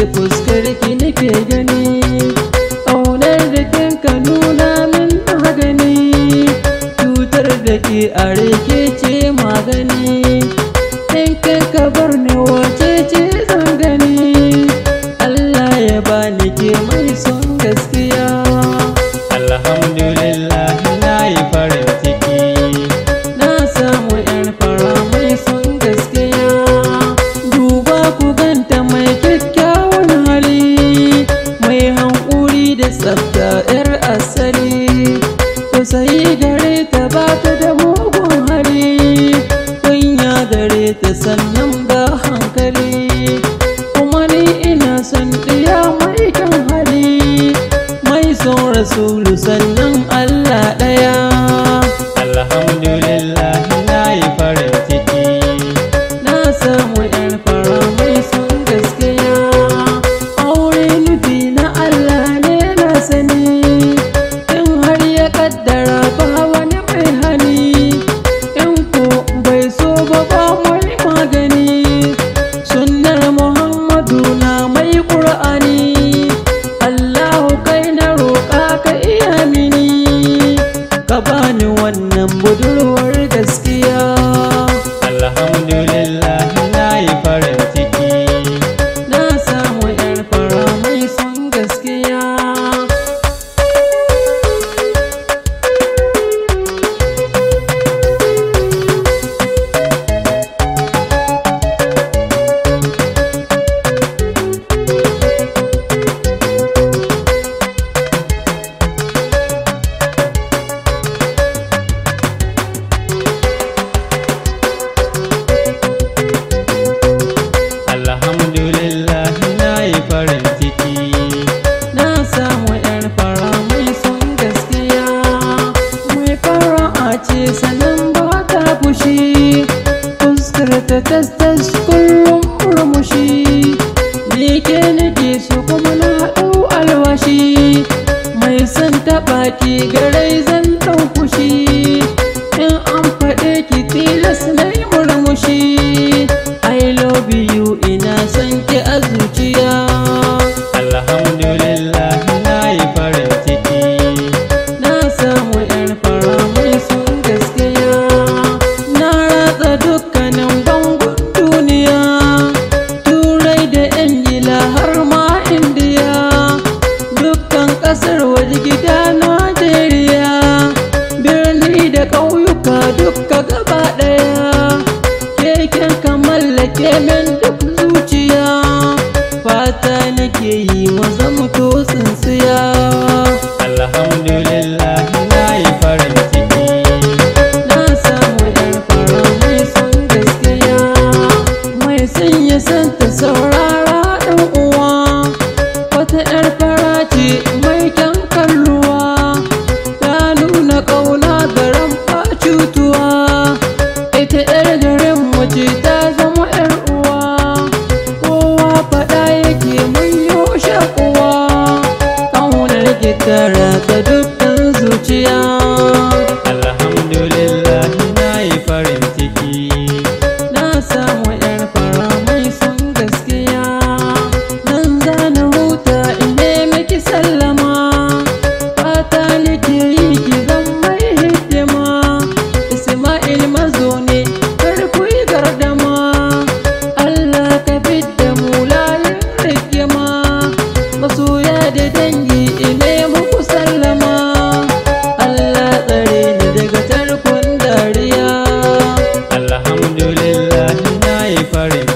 it was 六三。ka dukkan zuciya पड़ी